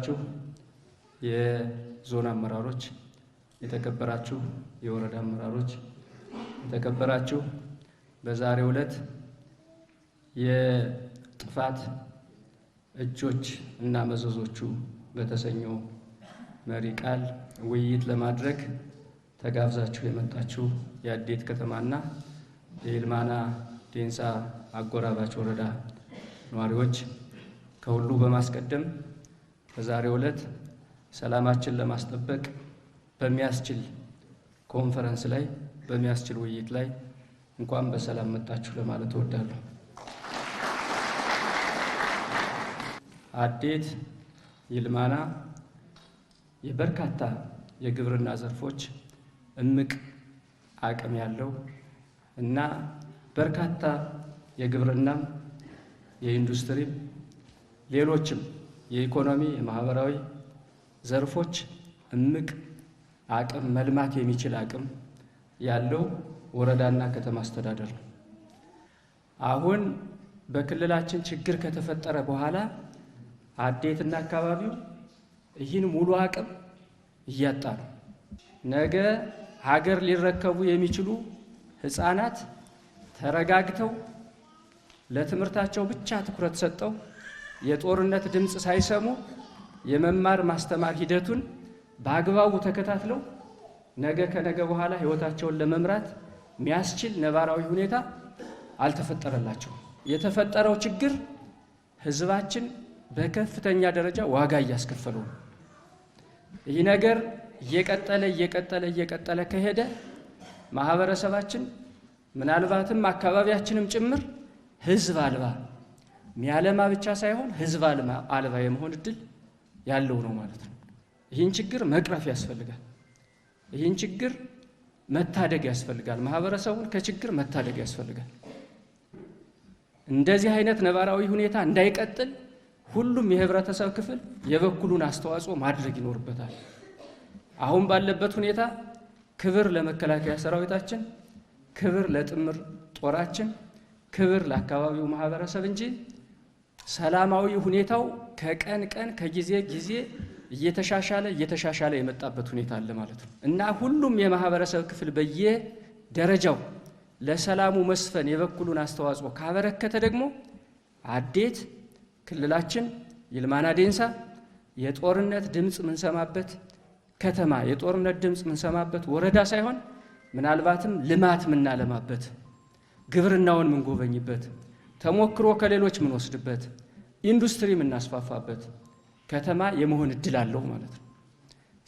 የተከበራችሁ የዞን አመራሮች፣ የተከበራችሁ የወረዳ አመራሮች፣ የተከበራችሁ በዛሬው ዕለት የጥፋት እጆች እና መዘዞቹ በተሰኘው መሪ ቃል ውይይት ለማድረግ ተጋብዛችሁ የመጣችሁ የአዴት ከተማና የይልማና ዴንሳ አጎራባች ወረዳ ነዋሪዎች ከሁሉ በማስቀደም በዛሬው ዕለት ሰላማችን ለማስጠበቅ በሚያስችል ኮንፈረንስ ላይ በሚያስችል ውይይት ላይ እንኳን በሰላም መጣችሁ ለማለት እወዳለሁ። አዴት ይልማና የበርካታ የግብርና ዘርፎች እምቅ አቅም ያለው እና በርካታ የግብርናም የኢንዱስትሪም ሌሎችም የኢኮኖሚ የማህበራዊ ዘርፎች እምቅ አቅም መልማት የሚችል አቅም ያለው ወረዳና ከተማ አስተዳደር ነው። አሁን በክልላችን ችግር ከተፈጠረ በኋላ አዴትና አካባቢው ይህን ሙሉ አቅም እያጣ ነው። ነገ ሀገር ሊረከቡ የሚችሉ ህፃናት ተረጋግተው ለትምህርታቸው ብቻ ትኩረት ሰጠው የጦርነት ድምፅ ሳይሰሙ የመማር ማስተማር ሂደቱን በአግባቡ ተከታትለው ነገ ከነገ በኋላ ህይወታቸውን ለመምራት የሚያስችል ነባራዊ ሁኔታ አልተፈጠረላቸውም። የተፈጠረው ችግር ህዝባችን በከፍተኛ ደረጃ ዋጋ እያስከፈሉ ነው። ይህ ነገር እየቀጠለ እየቀጠለ እየቀጠለ ከሄደ ማህበረሰባችን ምናልባትም አካባቢያችንም ጭምር ህዝብ አልባ ሚያለማ ብቻ ሳይሆን ህዝብ አልባ የመሆን እድል ያለው ነው ማለት ነው። ይህን ችግር መቅረፍ ያስፈልጋል። ይህን ችግር መታደግ ያስፈልጋል። ማህበረሰቡን ከችግር መታደግ ያስፈልጋል። እንደዚህ አይነት ነባራዊ ሁኔታ እንዳይቀጥል ሁሉም የህብረተሰብ ክፍል የበኩሉን አስተዋጽኦ ማድረግ ይኖርበታል። አሁን ባለበት ሁኔታ ክብር ለመከላከያ ሰራዊታችን፣ ክብር ለጥምር ጦራችን፣ ክብር ለአካባቢው ማህበረሰብ እንጂ ሰላማዊ ሁኔታው ከቀን ቀን ከጊዜ ጊዜ እየተሻሻለ እየተሻሻለ የመጣበት ሁኔታ አለ ማለት ነው እና ሁሉም የማህበረሰብ ክፍል በየደረጃው ለሰላሙ መስፈን የበኩሉን አስተዋጽኦ ካበረከተ ደግሞ አዴት ክልላችን ይልማና ዴንሳ የጦርነት ድምፅ ምንሰማበት ከተማ የጦርነት ድምፅ ምንሰማበት ወረዳ ሳይሆን ምናልባትም ልማት ምናለማበት ግብርናውን ምንጎበኝበት ተሞክሮ ከሌሎች የምንወስድበት ኢንዱስትሪ የምናስፋፋበት ከተማ የመሆን እድል አለው ማለት ነው።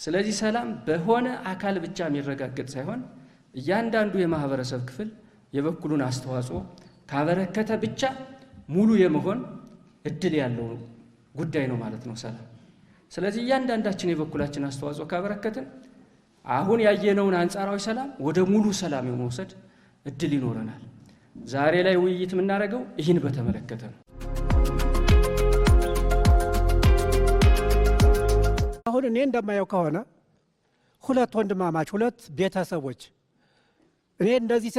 ስለዚህ ሰላም በሆነ አካል ብቻ የሚረጋገጥ ሳይሆን እያንዳንዱ የማህበረሰብ ክፍል የበኩሉን አስተዋጽኦ ካበረከተ ብቻ ሙሉ የመሆን እድል ያለው ጉዳይ ነው ማለት ነው ሰላም። ስለዚህ እያንዳንዳችን የበኩላችን አስተዋጽኦ ካበረከትን አሁን ያየነውን አንጻራዊ ሰላም ወደ ሙሉ ሰላም የመውሰድ እድል ይኖረናል። ዛሬ ላይ ውይይት የምናደርገው ይህን በተመለከተ ነው። አሁን እኔ እንደማየው ከሆነ ሁለት ወንድማማች ሁለት ቤተሰቦች እኔ እንደዚህ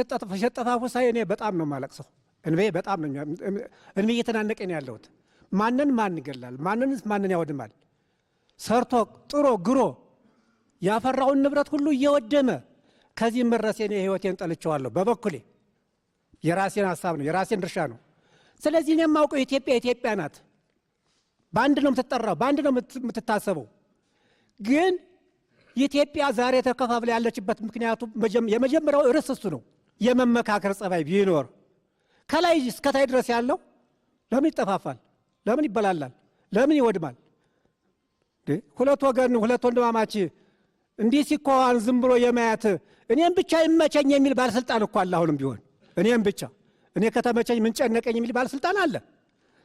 ሲጠፋፉ ሳይ እኔ በጣም ነው የማለቅሰው። እንቤ በጣም እንቤ እየተናነቀኝ ነው ያለሁት። ማንን ማን ይገላል? ማንንስ ማንን ያወድማል? ሰርቶ ጥሮ ግሮ ያፈራውን ንብረት ሁሉ እየወደመ ከዚህ መድረሴ እኔ ህይወቴን ጠልቼዋለሁ በበኩሌ የራሴን ሀሳብ ነው፣ የራሴን ድርሻ ነው። ስለዚህ እኔ የማውቀው ኢትዮጵያ ኢትዮጵያ ናት። በአንድ ነው የምትጠራው፣ በአንድ ነው የምትታሰበው። ግን ኢትዮጵያ ዛሬ ተከፋፍለ ያለችበት ምክንያቱ የመጀመሪያው ርስ እሱ ነው። የመመካከር ጸባይ ቢኖር ከላይ እስከታይ ድረስ ያለው ለምን ይጠፋፋል? ለምን ይበላላል? ለምን ይወድማል? ሁለት ወገን ሁለት ወንድማማች እንዲህ ሲኮዋን ዝም ብሎ የማያት እኔም ብቻ ይመቸኝ የሚል ባለስልጣን እኳ አለ አሁንም ቢሆን እኔም ብቻ እኔ ከተመቸኝ ምን ጨነቀኝ የሚል ባለስልጣን አለ።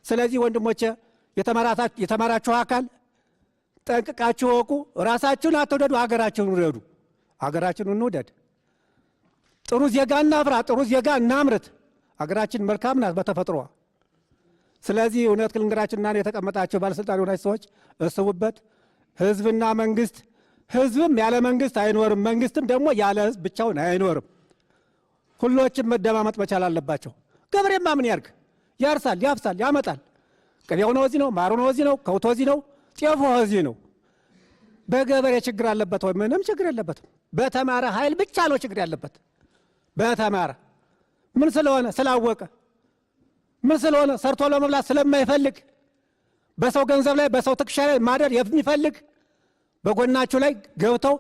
ስለዚህ ወንድሞቼ የተማራችሁ አካል ጠንቅቃችሁ ወቁ። ራሳችሁን አትውደዱ፣ ሀገራችሁን ውደዱ። ሀገራችንን እንውደድ። ጥሩ ዜጋ እናፍራ፣ ጥሩ ዜጋ እናምርት። ሀገራችን መልካም ናት በተፈጥሮዋ። ስለዚህ እውነት ልንገራችሁና የተቀመጣችሁ ባለስልጣን የሆናችሁ ሰዎች እስቡበት። ህዝብና መንግስት ህዝብም ያለ መንግስት አይኖርም፣ መንግስትም ደግሞ ያለ ህዝብ ብቻውን አይኖርም። ሁሎችም መደማመጥ መቻል አለባቸው። ገበሬማ ምን ያርግ? ያርሳል፣ ያፍሳል፣ ያመጣል። ቅቤው ነው እዚህ ነው፣ ማሩ ነው እዚህ ነው፣ ከውቶ እዚህ ነው፣ ጤፎ እዚህ ነው። በገበሬ ችግር አለበት ወይ? ምንም ችግር የለበትም። በተማረ ኃይል ብቻ ነው ችግር ያለበት። በተማረ ምን ስለሆነ ስላወቀ፣ ምን ስለሆነ ሰርቶ ለመብላት ስለማይፈልግ፣ በሰው ገንዘብ ላይ በሰው ትከሻ ላይ ማደር የሚፈልግ በጎናችሁ ላይ ገብተው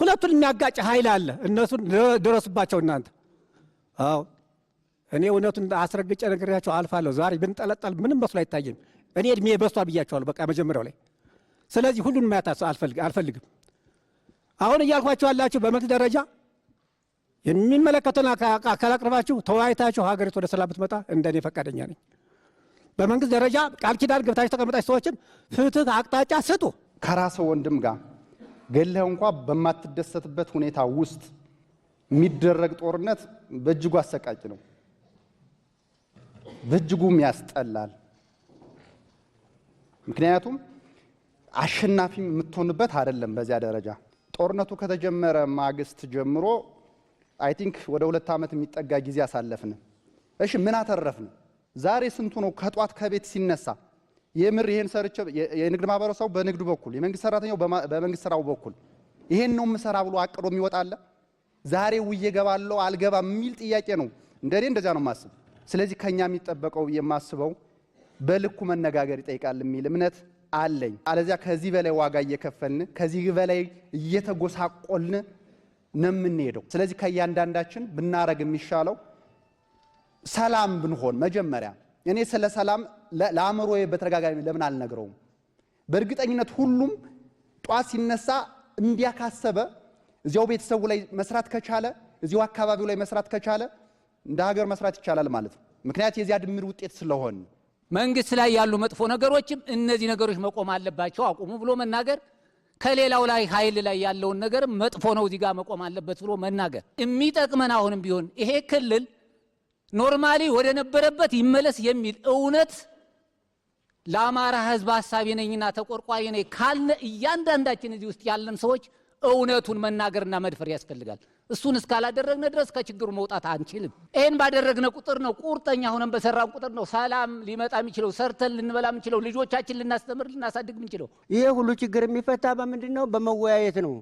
ሁለቱን የሚያጋጭ ኃይል አለ። እነሱን ድረሱባቸው እናንተ አዎ እኔ እውነቱን አስረግጬ ነግሬያቸው አልፋለሁ። ዛሬ ብንጠለጠል ምንም መስሎ አይታየም። እኔ እድሜ በስቷል ብያቸዋለሁ፣ በቃ መጀመሪያው ላይ። ስለዚህ ሁሉንም ማየት አልፈልግም። አሁን እያልኳቸው ያላችሁ በመንግስት ደረጃ የሚመለከተን አካል አቅርባችሁ ተወያይታችሁ ሀገሪቱ ወደ ሰላም ብትመጣ እንደኔ ፈቃደኛ ነኝ። በመንግስት ደረጃ ቃል ኪዳን ገብታችሁ ተቀምጣችሁ ሰዎችን ፍትህ አቅጣጫ ስጡ። ከራስ ወንድም ጋር ገለህ እንኳ በማትደሰትበት ሁኔታ ውስጥ የሚደረግ ጦርነት በእጅጉ አሰቃቂ ነው፣ በእጅጉም ያስጠላል። ምክንያቱም አሸናፊ የምትሆንበት አይደለም። በዚያ ደረጃ ጦርነቱ ከተጀመረ ማግስት ጀምሮ አይ ቲንክ ወደ ሁለት ዓመት የሚጠጋ ጊዜ አሳለፍን። እሺ ምን አተረፍን? ዛሬ ስንቱ ነው ከጧት ከቤት ሲነሳ የምር ይሄን ሰርቼ የንግድ ማህበረሰቡ በንግዱ በኩል የመንግስት ሰራተኛው በመንግስት ስራው በኩል ይሄን ነው የምሰራ ብሎ አቅዶ የሚወጣለን? ዛሬ ውዬ እገባለሁ አልገባም የሚል ጥያቄ ነው። እንደኔ እንደዛ ነው ማስብ። ስለዚህ ከኛ የሚጠበቀው የማስበው በልኩ መነጋገር ይጠይቃል የሚል እምነት አለኝ። አለዚያ ከዚህ በላይ ዋጋ እየከፈልን ከዚህ በላይ እየተጎሳቆልን ነው የምንሄደው። ስለዚህ ከእያንዳንዳችን ብናረግ የሚሻለው ሰላም ብንሆን መጀመሪያ እኔ ስለ ሰላም ለአእምሮ በተደጋጋሚ ለምን አልነግረውም? በእርግጠኝነት ሁሉም ጧ ሲነሳ እንዲያካሰበ እዚያው ቤተሰቡ ላይ መስራት ከቻለ እዚሁ አካባቢው ላይ መስራት ከቻለ እንደ ሀገር መስራት ይቻላል ማለት ነው። ምክንያት የዚያ ድምር ውጤት ስለሆን መንግስት ላይ ያሉ መጥፎ ነገሮችም እነዚህ ነገሮች መቆም አለባቸው አቁሙ ብሎ መናገር ከሌላው ላይ ኃይል ላይ ያለውን ነገር መጥፎ ነው እዚህ ጋር መቆም አለበት ብሎ መናገር የሚጠቅመን አሁንም ቢሆን ይሄ ክልል ኖርማሊ ወደ ነበረበት ይመለስ የሚል እውነት ለአማራ ህዝብ ሀሳቢ ነኝና ተቆርቋሪ ነኝ ካልነ እያንዳንዳችን እዚህ ውስጥ ያለን ሰዎች እውነቱን መናገርና መድፈር ያስፈልጋል። እሱን እስካላደረግነ ድረስ ከችግሩ መውጣት አንችልም። ይህን ባደረግነ ቁጥር ነው፣ ቁርጠኛ ሆነን በሰራን ቁጥር ነው ሰላም ሊመጣ የሚችለው፣ ሰርተን ልንበላ የምንችለው፣ ልጆቻችን ልናስተምር ልናሳድግ የምንችለው። ይህ ሁሉ ችግር የሚፈታ በምንድን ነው? በመወያየት ነው።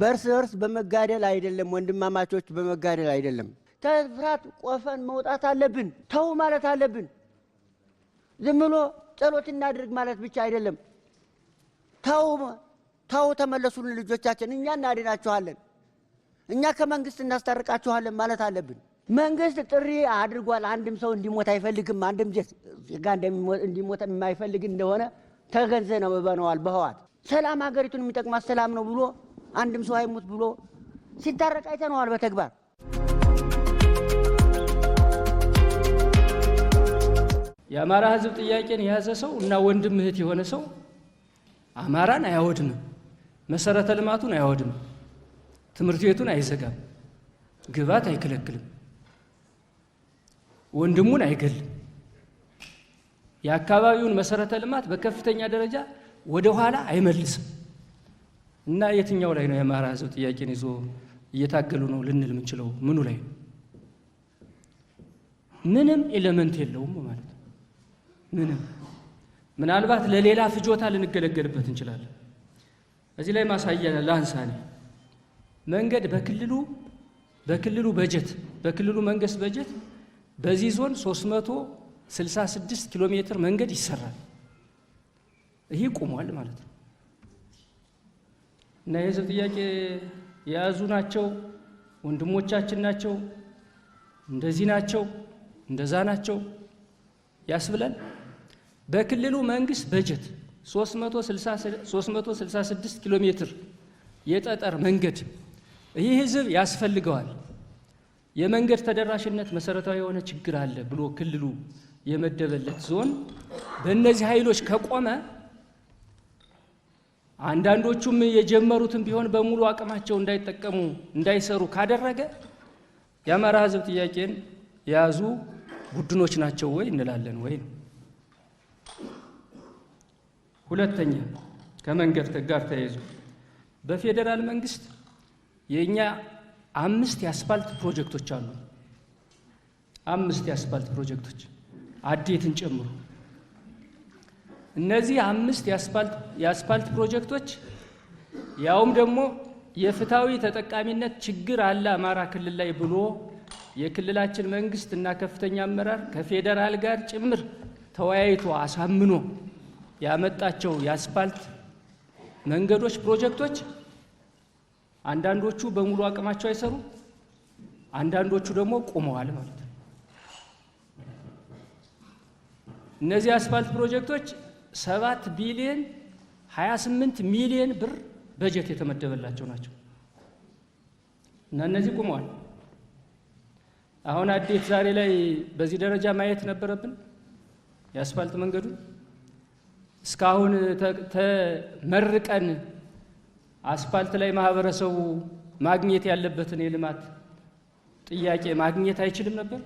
በእርስ በርስ በመጋደል አይደለም። ወንድማማቾች በመጋደል አይደለም። ተፍራት ቆፈን መውጣት አለብን። ተው ማለት አለብን። ዝም ብሎ ጸሎት እናድርግ ማለት ብቻ አይደለም። ተው ታው ተመለሱልን ልጆቻችን፣ እኛ እናድናችኋለን፣ እኛ ከመንግስት እናስታርቃችኋለን ማለት አለብን። መንግስት ጥሪ አድርጓል። አንድም ሰው እንዲሞት አይፈልግም። አንድም ዜጋ እንዲሞት የማይፈልግ እንደሆነ ነው በነዋል። በህዋት ሰላም ሀገሪቱን የሚጠቅማት ሰላም ነው ብሎ አንድም ሰው አይሞት ብሎ ሲታረቅ አይተነዋል በተግባር። የአማራ ህዝብ ጥያቄን የያዘ ሰው እና ወንድም እህት የሆነ ሰው አማራን አያወድምም። መሰረተ ልማቱን አይወድም፣ ትምህርት ቤቱን አይዘጋም፣ ግብዓት አይከለክልም፣ ወንድሙን አይገልም። የአካባቢውን መሰረተ ልማት በከፍተኛ ደረጃ ወደ ኋላ አይመልስም እና የትኛው ላይ ነው የአማራ ህዝብ ጥያቄን ይዞ እየታገሉ ነው ልንል የምንችለው? ምኑ ላይ ነው? ምንም ኤሌመንት የለውም ማለት ነው። ምንም ምናልባት ለሌላ ፍጆታ ልንገለገልበት እንችላለን። እዚህ ላይ ማሳያ ላንሳኔ መንገድ በክልሉ በክልሉ በጀት በክልሉ መንግስት በጀት በዚህ ዞን 366 ኪሎ ሜትር መንገድ ይሰራል። ይህ ቁሟል ማለት ነው። እና የህዝብ ጥያቄ የያዙ ናቸው፣ ወንድሞቻችን ናቸው፣ እንደዚህ ናቸው፣ እንደዛ ናቸው ያስብላል። በክልሉ መንግስት በጀት 366 ኪሎ ሜትር የጠጠር መንገድ ይህ ህዝብ ያስፈልገዋል። የመንገድ ተደራሽነት መሰረታዊ የሆነ ችግር አለ ብሎ ክልሉ የመደበለት ዞን በእነዚህ ኃይሎች ከቆመ አንዳንዶቹም የጀመሩትን ቢሆን በሙሉ አቅማቸው እንዳይጠቀሙ እንዳይሰሩ ካደረገ የአማራ ህዝብ ጥያቄን የያዙ ቡድኖች ናቸው ወይ እንላለን ወይ ነው። ሁለተኛ ከመንገድ ጋር ተያይዞ በፌዴራል መንግስት የእኛ አምስት የአስፋልት ፕሮጀክቶች አሉ። አምስት የአስፋልት ፕሮጀክቶች አዴትን ጨምሮ እነዚህ አምስት የአስፋልት ፕሮጀክቶች ያውም ደግሞ የፍትሐዊ ተጠቃሚነት ችግር አለ አማራ ክልል ላይ ብሎ የክልላችን መንግስት እና ከፍተኛ አመራር ከፌዴራል ጋር ጭምር ተወያይቶ አሳምኖ ያመጣቸው የአስፋልት መንገዶች ፕሮጀክቶች አንዳንዶቹ በሙሉ አቅማቸው አይሰሩ፣ አንዳንዶቹ ደግሞ ቁመዋል ማለት ነው። እነዚህ አስፋልት ፕሮጀክቶች ሰባት ቢሊየን 28 ሚሊየን ብር በጀት የተመደበላቸው ናቸው እና እነዚህ ቁመዋል። አሁን አዴት ዛሬ ላይ በዚህ ደረጃ ማየት ነበረብን የአስፋልት መንገዱን እስካሁን ተመርቀን አስፋልት ላይ ማህበረሰቡ ማግኘት ያለበትን የልማት ጥያቄ ማግኘት አይችልም ነበር?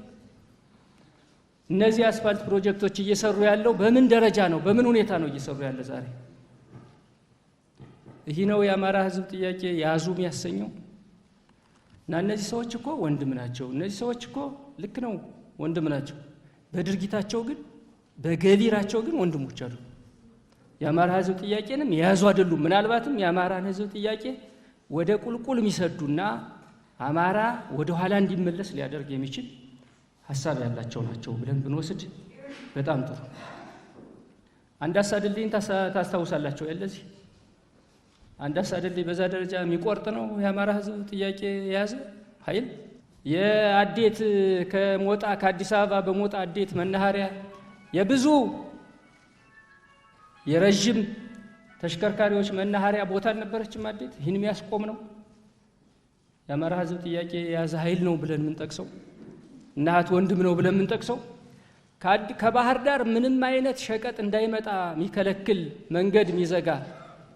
እነዚህ አስፋልት ፕሮጀክቶች እየሰሩ ያለው በምን ደረጃ ነው? በምን ሁኔታ ነው እየሰሩ ያለ? ዛሬ ይህ ነው የአማራ ህዝብ ጥያቄ ያዙ የሚያሰኘው እና እነዚህ ሰዎች እኮ ወንድም ናቸው። እነዚህ ሰዎች እኮ ልክ ነው፣ ወንድም ናቸው። በድርጊታቸው ግን በገቢራቸው ግን ወንድሞች አሉ። የአማራ ህዝብ ጥያቄንም የያዙ አይደሉም። ምናልባትም የአማራን ህዝብ ጥያቄ ወደ ቁልቁል የሚሰዱና አማራ ወደ ኋላ እንዲመለስ ሊያደርግ የሚችል ሀሳብ ያላቸው ናቸው ብለን ብንወስድ በጣም ጥሩ። አንድ አሳድልኝ ታስታውሳላቸው ያለዚህ አንድ አሳድልኝ በዛ ደረጃ የሚቆርጥ ነው የአማራ ህዝብ ጥያቄ የያዘ ኃይል የአዴት ከሞጣ ከአዲስ አበባ በሞጣ አዴት መናኸሪያ የብዙ የረዥም ተሽከርካሪዎች መናኸሪያ ቦታ አልነበረችም አዴት። ይህን የሚያስቆም ነው የአማራ ህዝብ ጥያቄ የያዘ ኃይል ነው ብለን የምንጠቅሰው እናት ወንድም ነው ብለን የምንጠቅሰው ከባህር ዳር ምንም አይነት ሸቀጥ እንዳይመጣ የሚከለክል መንገድ የሚዘጋ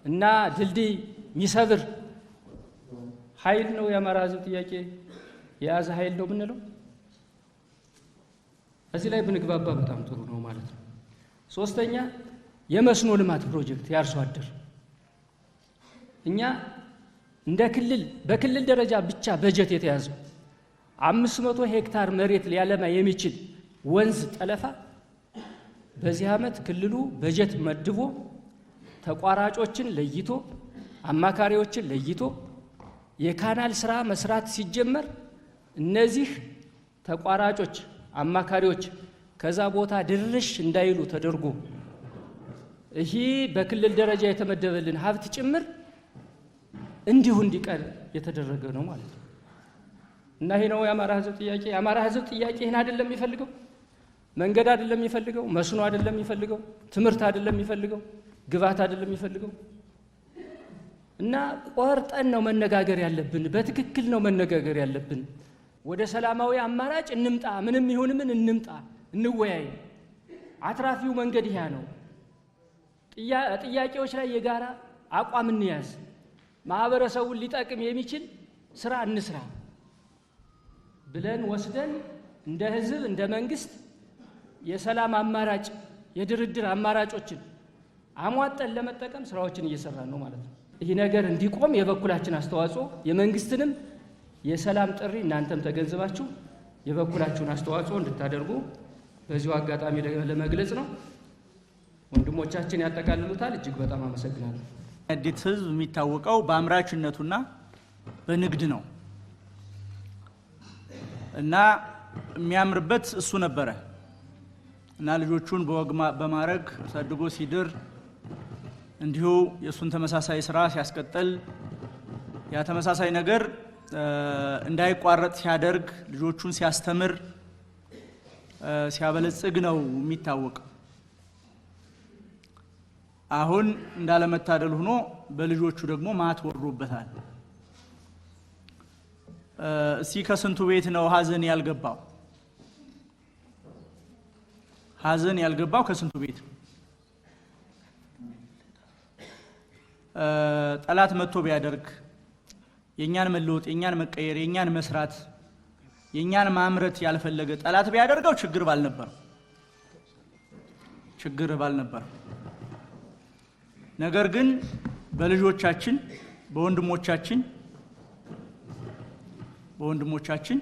እና ድልድይ የሚሰብር ኃይል ነው የአማራ ህዝብ ጥያቄ የያዘ ኃይል ነው ብንለው እዚህ ላይ ብንግባባ በጣም ጥሩ ነው ማለት ነው። ሶስተኛ የመስኖ ልማት ፕሮጀክት ያርሶ አደር እኛ እንደ ክልል በክልል ደረጃ ብቻ በጀት የተያዘው 500 ሄክታር መሬት ሊያለማ የሚችል ወንዝ ጠለፋ በዚህ ዓመት ክልሉ በጀት መድቦ ተቋራጮችን ለይቶ አማካሪዎችን ለይቶ የካናል ስራ መስራት ሲጀመር እነዚህ ተቋራጮች አማካሪዎች ከዛ ቦታ ድርሽ እንዳይሉ ተደርጎ ይህ በክልል ደረጃ የተመደበልን ሀብት ጭምር እንዲሁ እንዲቀር የተደረገ ነው ማለት ነው። እና ይሄ ነው የአማራ ህዝብ ጥያቄ። የአማራ ህዝብ ጥያቄ ይህን አይደለም የሚፈልገው፣ መንገድ አይደለም የሚፈልገው፣ መስኖ አይደለም የሚፈልገው፣ ትምህርት አይደለም የሚፈልገው፣ ግብአት አይደለም የሚፈልገው። እና ቆርጠን ነው መነጋገር ያለብን። በትክክል ነው መነጋገር ያለብን። ወደ ሰላማዊ አማራጭ እንምጣ፣ ምንም ይሁን ምን እንምጣ፣ እንወያይ። አትራፊው መንገድ ይሄ ነው። ጥያቄዎች ላይ የጋራ አቋም እንያዝ። ማህበረሰቡን ሊጠቅም የሚችል ስራ እንስራ ብለን ወስደን እንደ ህዝብ፣ እንደ መንግስት የሰላም አማራጭ የድርድር አማራጮችን አሟጠን ለመጠቀም ስራዎችን እየሰራ ነው ማለት ነው። ይህ ነገር እንዲቆም የበኩላችን አስተዋጽኦ የመንግስትንም የሰላም ጥሪ እናንተም ተገንዝባችሁ የበኩላችሁን አስተዋጽኦ እንድታደርጉ በዚሁ አጋጣሚ ለመግለጽ ነው። ወንድሞቻችን ያጠቃልሉታል። እጅግ በጣም አመሰግናለሁ። አዲስ ህዝብ የሚታወቀው በአምራችነቱና በንግድ ነው እና የሚያምርበት እሱ ነበረ እና ልጆቹን በወግ በማድረግ አሳድጎ ሲድር እንዲሁ የእሱን ተመሳሳይ ስራ ሲያስቀጥል ያ ተመሳሳይ ነገር እንዳይቋረጥ ሲያደርግ ልጆቹን ሲያስተምር ሲያበለጽግ ነው የሚታወቀው። አሁን እንዳለመታደል ሆኖ በልጆቹ ደግሞ ማት ወሮበታል። እስኪ ከስንቱ ቤት ነው ሀዘን ያልገባው? ሀዘን ያልገባው ከስንቱ ቤት ነው? ጠላት መጥቶ ቢያደርግ የእኛን መለወጥ፣ የእኛን መቀየር፣ የእኛን መስራት፣ የእኛን ማምረት ያልፈለገ ጠላት ቢያደርገው ችግር ባልነበር ችግር ባልነበር ነገር ግን በልጆቻችን በወንድሞቻችን በወንድሞቻችን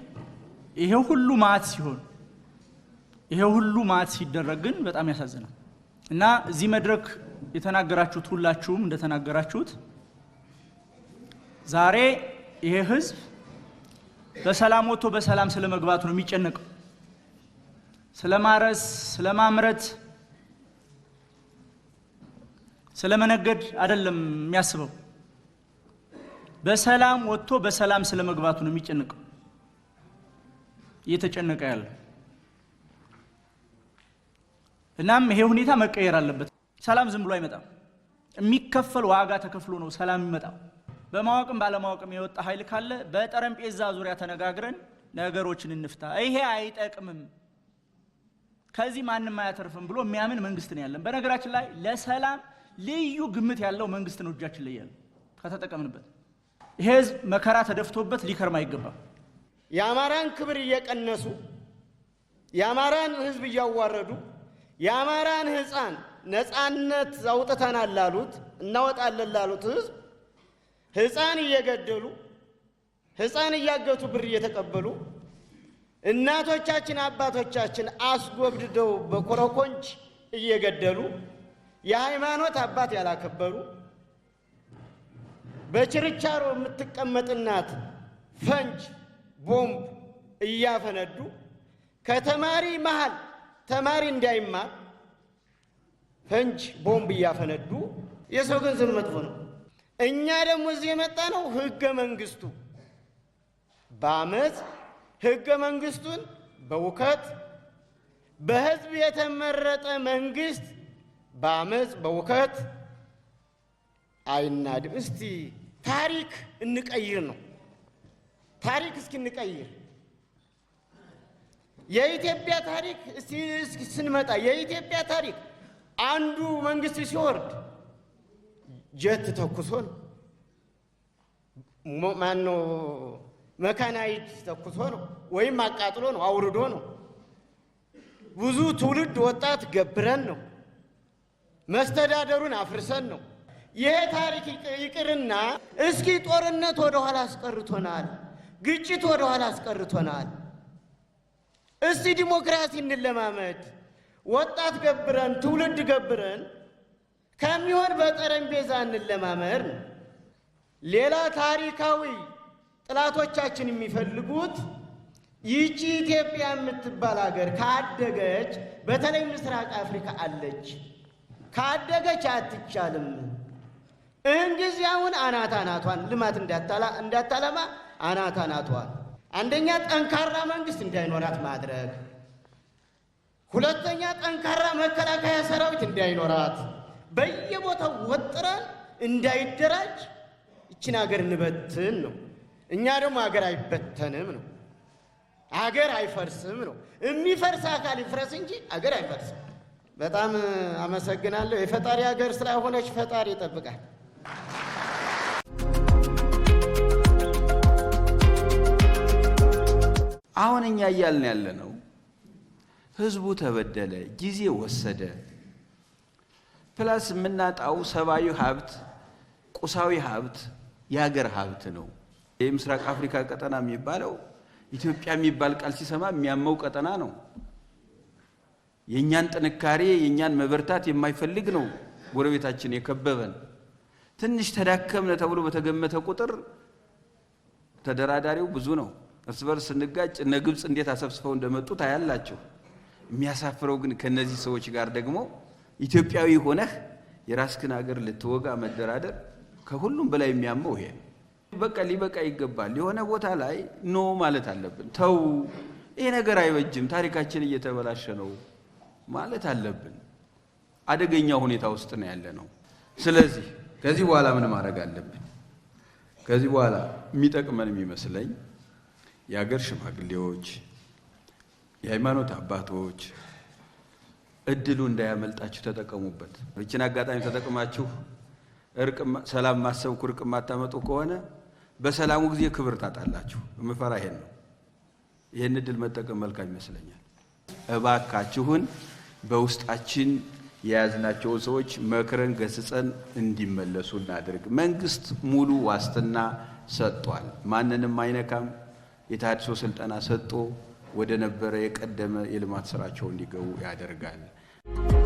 ይሄ ሁሉ ማት ሲሆን ይሄ ሁሉ ማት ሲደረግ ግን በጣም ያሳዝናል እና እዚህ መድረክ የተናገራችሁት ሁላችሁም እንደተናገራችሁት ዛሬ ይሄ ህዝብ በሰላም ወጥቶ በሰላም ስለመግባቱ ነው የሚጨነቀው። ስለ ማረስ፣ ስለ ማምረት ስለ መነገድ አይደለም የሚያስበው። በሰላም ወጥቶ በሰላም ስለ መግባቱ ነው የሚጨንቀው እየተጨነቀ ያለ። እናም ይሄ ሁኔታ መቀየር አለበት። ሰላም ዝም ብሎ አይመጣም። የሚከፈል ዋጋ ተከፍሎ ነው ሰላም ይመጣው። በማወቅም ባለማወቅም የወጣ ኃይል ካለ በጠረጴዛ ዙሪያ ተነጋግረን ነገሮችን እንፍታ፣ ይሄ አይጠቅምም፣ ከዚህ ማንም አያተርፍም ብሎ የሚያምን መንግስት ነው ያለን። በነገራችን ላይ ለሰላም ልዩ ግምት ያለው መንግስት ነው እጃችን ላይ ያለው ከተጠቀምንበት። ይሄ ህዝብ መከራ ተደፍቶበት ሊከርም አይገባም። የአማራን ክብር እየቀነሱ የአማራን ህዝብ እያዋረዱ የአማራን ህፃን ነፃነት አውጥተናል ላሉት እናወጣለን ላሉት ህዝብ ህፃን እየገደሉ ህፃን እያገቱ ብር እየተቀበሉ እናቶቻችን አባቶቻችን አስጎብድደው በኮረኮንች እየገደሉ የሃይማኖት አባት ያላከበሩ በችርቻሮ የምትቀመጥናት ፈንጅ ቦምብ እያፈነዱ ከተማሪ መሃል ተማሪ እንዳይማር ፈንጅ ቦምብ እያፈነዱ የሰው ገንዘብ መጥፎ ነው። እኛ ደግሞ እዚህ የመጣ ነው ህገ መንግስቱ በአመፅ ህገ መንግስቱን በውከት በህዝብ የተመረጠ መንግስት በአመፅ በውከት አይናድም። እስቲ ታሪክ እንቀይር ነው። ታሪክ እስኪ እንቀይር። የኢትዮጵያ ታሪክ እስኪ ስንመጣ የኢትዮጵያ ታሪክ አንዱ መንግስት ሲወርድ ጀት ተኩሶን ማነው መካናይድ ተኩሶ ነው ወይም አቃጥሎ ነው አውርዶ ነው። ብዙ ትውልድ ወጣት ገብረን ነው መስተዳደሩን አፍርሰን ነው። ይሄ ታሪክ ይቅርና እስኪ ጦርነት ወደኋላ አስቀርቶናል፣ ግጭት ወደኋላ አስቀርቶናል። እስቲ ዲሞክራሲ እንለማመድ። ወጣት ገብረን ትውልድ ገብረን ከሚሆን በጠረጴዛ እንለማመድ ነው። ሌላ ታሪካዊ ጥላቶቻችን የሚፈልጉት ይቺ ኢትዮጵያ የምትባል ሀገር ካደገች፣ በተለይ ምስራቅ አፍሪካ አለች ካደገች አትቻልም። እንግዚያውን ጊዜ አናት አናቷን ልማት እንዳታለማ አናት አናቷን አንደኛ ጠንካራ መንግስት እንዳይኖራት ማድረግ፣ ሁለተኛ ጠንካራ መከላከያ ሰራዊት እንዳይኖራት በየቦታው ወጥረን እንዳይደራጅ ይችን ሀገር እንበትን ነው። እኛ ደግሞ ሀገር አይበተንም ነው፣ ሀገር አይፈርስም ነው። የሚፈርስ አካል ይፍረስ እንጂ ሀገር አይፈርስም። በጣም አመሰግናለሁ። የፈጣሪ ሀገር ስለሆነች ፈጣሪ ይጠብቃል። አሁን እኛ እያልን ያለ ነው ህዝቡ ተበደለ፣ ጊዜ ወሰደ። ፕላስ የምናጣው ሰብአዊ ሀብት፣ ቁሳዊ ሀብት፣ የሀገር ሀብት ነው። የምስራቅ አፍሪካ ቀጠና የሚባለው ኢትዮጵያ የሚባል ቃል ሲሰማ የሚያመው ቀጠና ነው። የእኛን ጥንካሬ የእኛን መበርታት የማይፈልግ ነው ጎረቤታችን የከበበን። ትንሽ ተዳከምነ ተብሎ በተገመተ ቁጥር ተደራዳሪው ብዙ ነው። እርስ በርስ ስንጋጭ እነ ግብፅ እንዴት አሰብስበው እንደመጡ ታያላቸው። የሚያሳፍረው ግን ከነዚህ ሰዎች ጋር ደግሞ ኢትዮጵያዊ ሆነህ የራስክን ሀገር ልትወጋ መደራደር ከሁሉም በላይ የሚያመው ይሄ ነው። በቃ ሊበቃ ይገባል። የሆነ ቦታ ላይ ኖ ማለት አለብን። ተው፣ ይሄ ነገር አይበጅም፣ ታሪካችን እየተበላሸ ነው ማለት አለብን። አደገኛ ሁኔታ ውስጥ ነው ያለ ነው። ስለዚህ ከዚህ በኋላ ምን ማድረግ አለብን? ከዚህ በኋላ የሚጠቅመን የሚመስለኝ የአገር ሽማግሌዎች፣ የሃይማኖት አባቶች እድሉ እንዳያመልጣችሁ ተጠቀሙበት። ይችን አጋጣሚ ተጠቅማችሁ እርቅ፣ ሰላም ማሰብኩ እርቅ የማታመጡ ከሆነ በሰላሙ ጊዜ ክብር ታጣላችሁ። የምፈራ ይሄን ነው። ይህን እድል መጠቀም መልካም ይመስለኛል። እባካችሁን በውስጣችን የያዝናቸውን ሰዎች መክረን ገስጸን እንዲመለሱ እናደርግ። መንግስት ሙሉ ዋስትና ሰጥቷል። ማንንም አይነካም። የተሃድሶ ስልጠና ሰጥቶ ወደ ነበረ የቀደመ የልማት ስራቸው እንዲገቡ ያደርጋል።